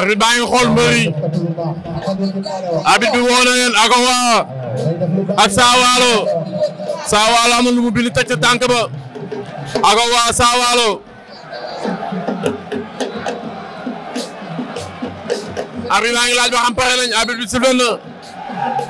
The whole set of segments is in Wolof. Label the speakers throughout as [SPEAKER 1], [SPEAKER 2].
[SPEAKER 1] arbit ngi xool mbëri arbit bi woo na ak waa ak saawaalo mu bind teg ca ba ak waa saawaalo ngi laaj ba xam pare bi sifflé na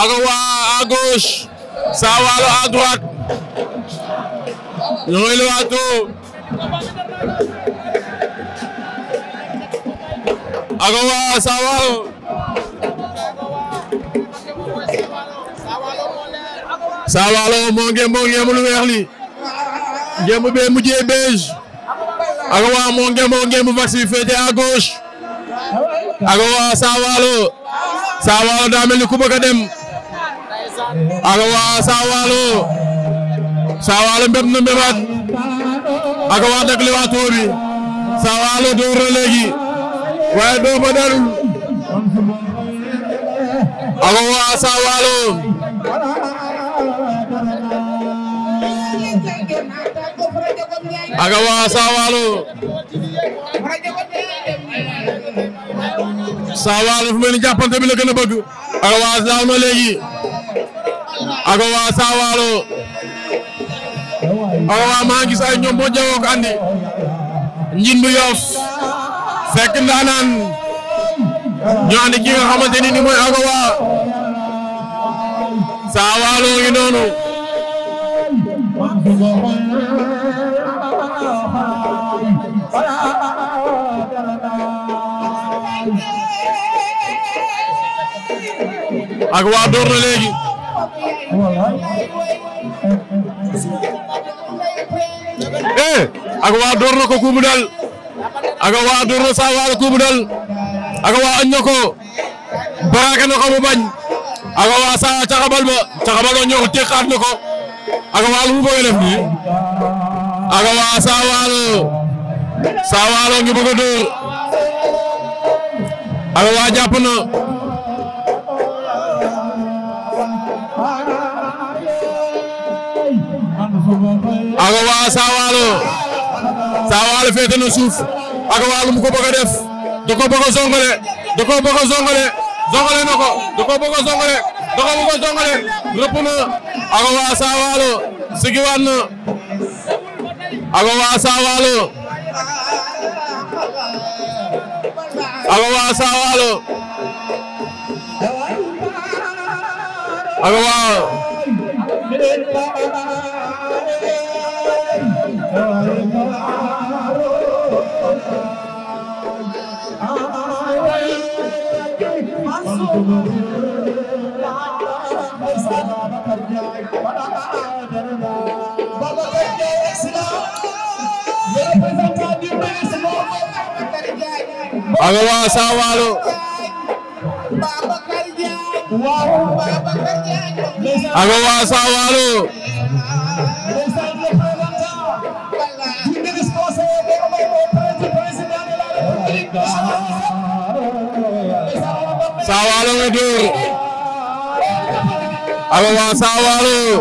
[SPEAKER 1] ak waa à gauche Agowa Sawalo Sawalo moo ngeem moo ngeem lu weex li ngeem bee mujjee beige Agowa moo ngeem moo ngeem vax bi féete à gauche Agowa Sawalo Sawalo daa mel ni ku bëgg a dem Agowa Sawalo Sawalo mbéb na waa tóor bi dóor na léegi waaye doo ko dalul ako waa fu mel ni jàppante bi la gën a bëgg aga waa laaw na léegi aga maa ngi gis ñoom boo jawoo ko andi yoof Seck ndaanaan ñu ànd nga xamante ni ni mooy Agowa saa waalo noonu Agowa door na léegi eh Agowa ko kuumu dal aga waa dur na saa aga waa añ baraake na ko bañ aga waa saa caxabal ba caxabal ba ñoo aga waa lu mu bëgg a def aga waa saa waalo saa waalo ngi ak waa lu mu ko a def da ko bëgg a zongale da ko na ko da ko bëgg a zongale da ko bëgg a zongale waa Saa Waalo sigiwaat waa Saa Waalo ak waa Saa Waalo ak waa aga waa Saa Waalo
[SPEAKER 2] aga waa Saa Waalo
[SPEAKER 1] Saa Waalo nga dóor alo waa Saa Waalo alo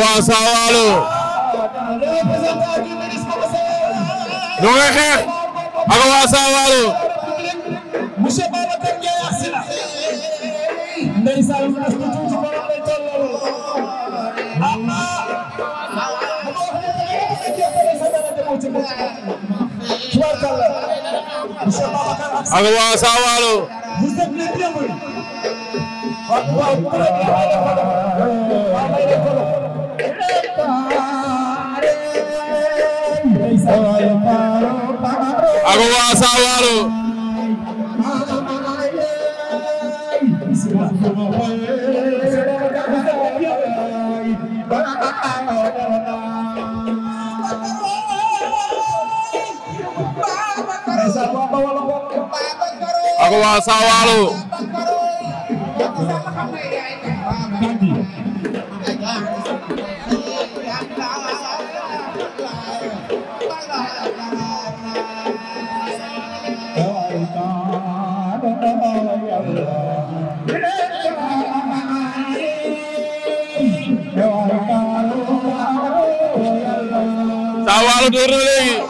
[SPEAKER 1] waa Saa Waalo ñu ngi xeex alo waa Saa Waalo monsieur Babacar Ndiaye ci biir tubaarkàlla monsieur waa Sa Waalo vous ak waa Saawaalo Saawaalo door na léegi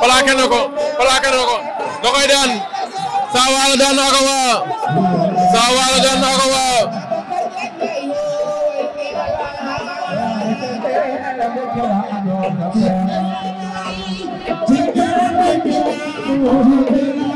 [SPEAKER 1] plaqué na ko plaqué na ko da koy daan saa waala daan naa ko waa saa waala daan naa ko waa Thank you.